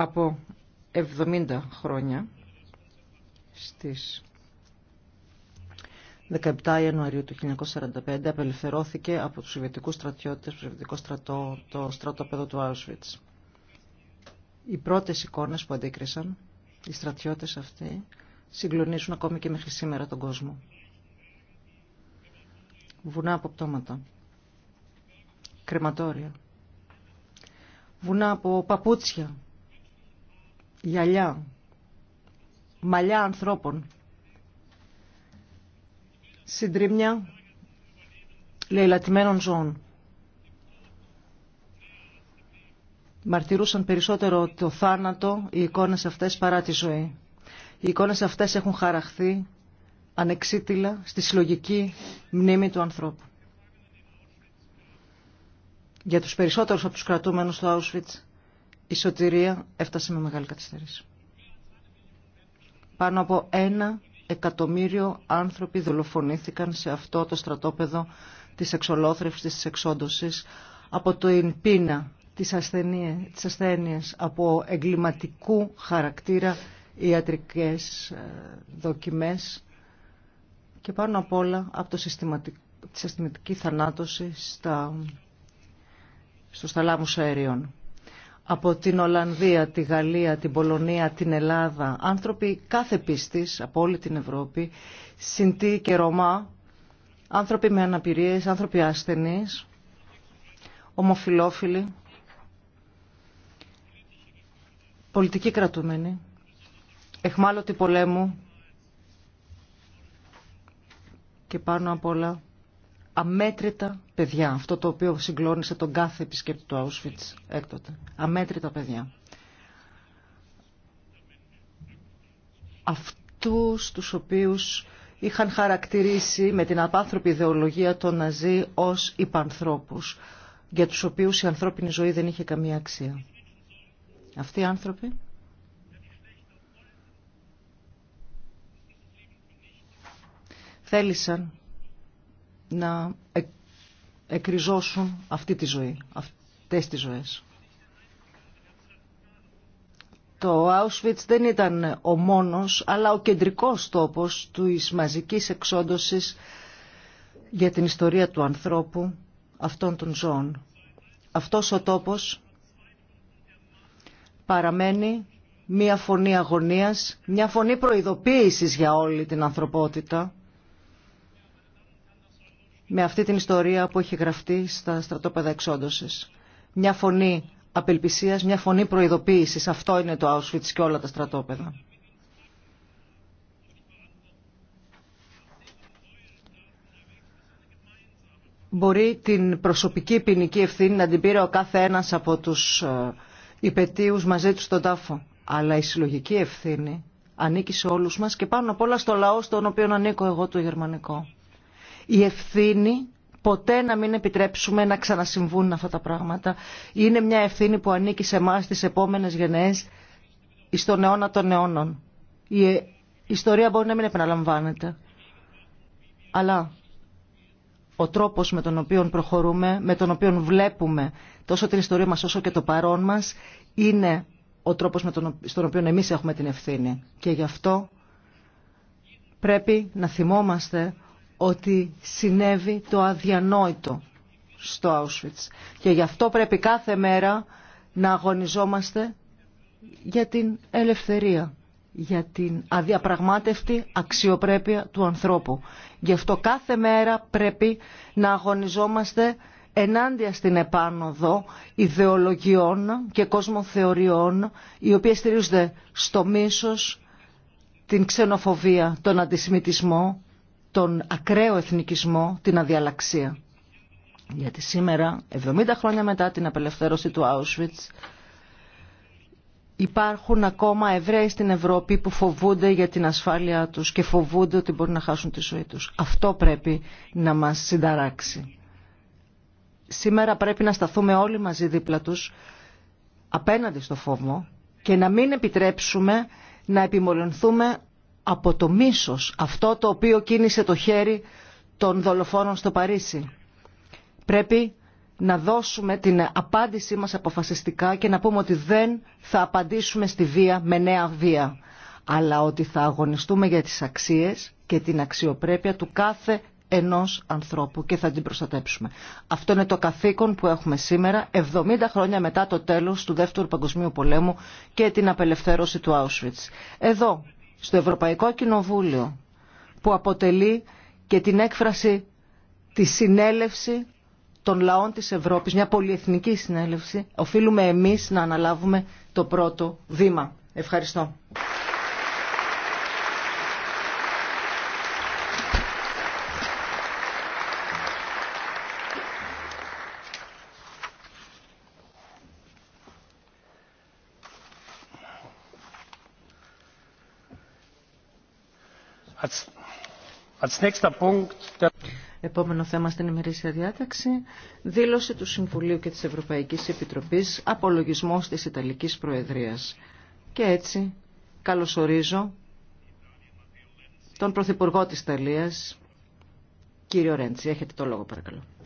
από 70 χρόνια στις 17 Ιανουαρίου του 1945 απελευθερώθηκε από τους Σοβιετικούς στρατιώτες, του Σοβιετικό στρατό, το στρατόπεδο του Auschwitz. Οι πρώτες εικόνες που αντίκρισαν οι στρατιώτες αυτοί συγκλονίζουν ακόμη και μέχρι σήμερα τον κόσμο. Βουνά από πτώματα, κρεματόρια, βουνά από παπούτσια γυαλιά, μαλλιά ανθρώπων, συντρίμια λαιλατημένων ζώων. Μαρτυρούσαν περισσότερο το θάνατο οι εικόνες αυτές παρά τη ζωή. Οι εικόνες αυτές έχουν χαραχθεί ανεξίτηλα στη συλλογική μνήμη του ανθρώπου. Για τους περισσότερους από τους κρατούμενους στο Auschwitz η σωτηρία έφτασε με μεγάλη καθυστέρηση. Πάνω από ένα εκατομμύριο άνθρωποι δολοφονήθηκαν σε αυτό το στρατόπεδο της εξολόθρευσης, της εξόντωσης, από το πείνα, της ασθένεια, από εγκληματικού χαρακτήρα ιατρικές ε, δοκιμές και πάνω απ' όλα από το τη συστηματική θανάτωση στα... στους θαλάμους αερίων από την Ολλανδία, τη Γαλλία, την Πολωνία, την Ελλάδα, άνθρωποι κάθε πίστης από όλη την Ευρώπη, Συντή και Ρωμά, άνθρωποι με αναπηρίες, άνθρωποι ασθενείς, ομοφιλόφιλοι, πολιτικοί κρατούμενοι, εχμάλωτοι πολέμου και πάνω απ' όλα αμέτρητα παιδιά. Αυτό το οποίο συγκλώνησε τον κάθε επισκέπτη του Auschwitz έκτοτε. Αμέτρητα παιδιά. Αυτούς τους οποίους είχαν χαρακτηρίσει με την απάνθρωπη ιδεολογία των Ναζί ως υπανθρώπους, για τους οποίους η ανθρώπινη ζωή δεν είχε καμία αξία. Αυτοί οι άνθρωποι θέλησαν να εκριζώσουν αυτή τη ζωή, αυτές τις ζωές. Το Auschwitz δεν ήταν ο μόνος, αλλά ο κεντρικός τόπος του μαζικής εξόντωσης για την ιστορία του ανθρώπου αυτών των ζώων. Αυτός ο τόπος παραμένει μία φωνή αγωνίας, μια φωνή προειδοποίησης για όλη την ανθρωπότητα με αυτή την ιστορία που έχει γραφτεί στα στρατόπεδα εξόντωσης. Μια φωνή απελπισίας, μια φωνή προειδοποίησης. Αυτό είναι το Auschwitz και όλα τα στρατόπεδα. Μπορεί την προσωπική ποινική ευθύνη να την πήρε ο κάθε ένας από τους ε, υπετίους μαζί του στον τάφο. Αλλά η συλλογική ευθύνη ανήκει σε όλους μας και πάνω απ' όλα στο λαό στον οποίο ανήκω εγώ το γερμανικό η ευθύνη ποτέ να μην επιτρέψουμε να ξανασυμβούν αυτά τα πράγματα. Είναι μια ευθύνη που ανήκει σε εμά τις επόμενες γενναίες στον αιώνα των αιώνων. Ε, η ιστορία μπορεί να μην επαναλαμβάνεται. Αλλά ο τρόπος με τον οποίο προχωρούμε, με τον οποίο βλέπουμε τόσο την ιστορία μας όσο και το παρόν μας, είναι ο τρόπος με τον, στον οποίο εμείς έχουμε την ευθύνη. Και γι' αυτό πρέπει να θυμόμαστε ότι συνέβη το αδιανόητο στο Auschwitz. Και γι' αυτό πρέπει κάθε μέρα να αγωνιζόμαστε για την ελευθερία, για την αδιαπραγμάτευτη αξιοπρέπεια του ανθρώπου. Γι' αυτό κάθε μέρα πρέπει να αγωνιζόμαστε ενάντια στην επάνωδο ιδεολογιών και κοσμοθεωριών οι οποίες στηρίζονται στο μίσος, την ξενοφοβία, τον αντισημιτισμό, τον ακραίο εθνικισμό, την αδιαλαξία. Γιατί σήμερα, 70 χρόνια μετά την απελευθέρωση του Auschwitz, υπάρχουν ακόμα Εβραίοι στην Ευρώπη που φοβούνται για την ασφάλεια τους και φοβούνται ότι μπορεί να χάσουν τη ζωή τους. Αυτό πρέπει να μας συνταράξει. Σήμερα πρέπει να σταθούμε όλοι μαζί δίπλα τους, απέναντι στο φόβο και να μην επιτρέψουμε να επιμολυνθούμε από το μίσος, αυτό το οποίο κίνησε το χέρι των δολοφόνων στο Παρίσι. Πρέπει να δώσουμε την απάντησή μας αποφασιστικά και να πούμε ότι δεν θα απαντήσουμε στη βία με νέα βία, αλλά ότι θα αγωνιστούμε για τις αξίες και την αξιοπρέπεια του κάθε ενός ανθρώπου και θα την προστατέψουμε. Αυτό είναι το καθήκον που έχουμε σήμερα, 70 χρόνια μετά το τέλος του Δεύτερου Παγκοσμίου Πολέμου και την απελευθέρωση του Auschwitz. Εδώ, στο Ευρωπαϊκό Κοινοβούλιο που αποτελεί και την έκφραση τη συνέλευση των λαών της Ευρώπης, μια πολυεθνική συνέλευση, οφείλουμε εμείς να αναλάβουμε το πρώτο βήμα. Ευχαριστώ. Επόμενο θέμα στην ημερήσια διάταξη. Δήλωση του Συμβουλίου και της Ευρωπαϊκής Επιτροπής απολογισμός της Ιταλικής Προεδρίας. Και έτσι καλωσορίζω τον Πρωθυπουργό της Ιταλίας, κύριο Ρέντσι. Έχετε το λόγο παρακαλώ.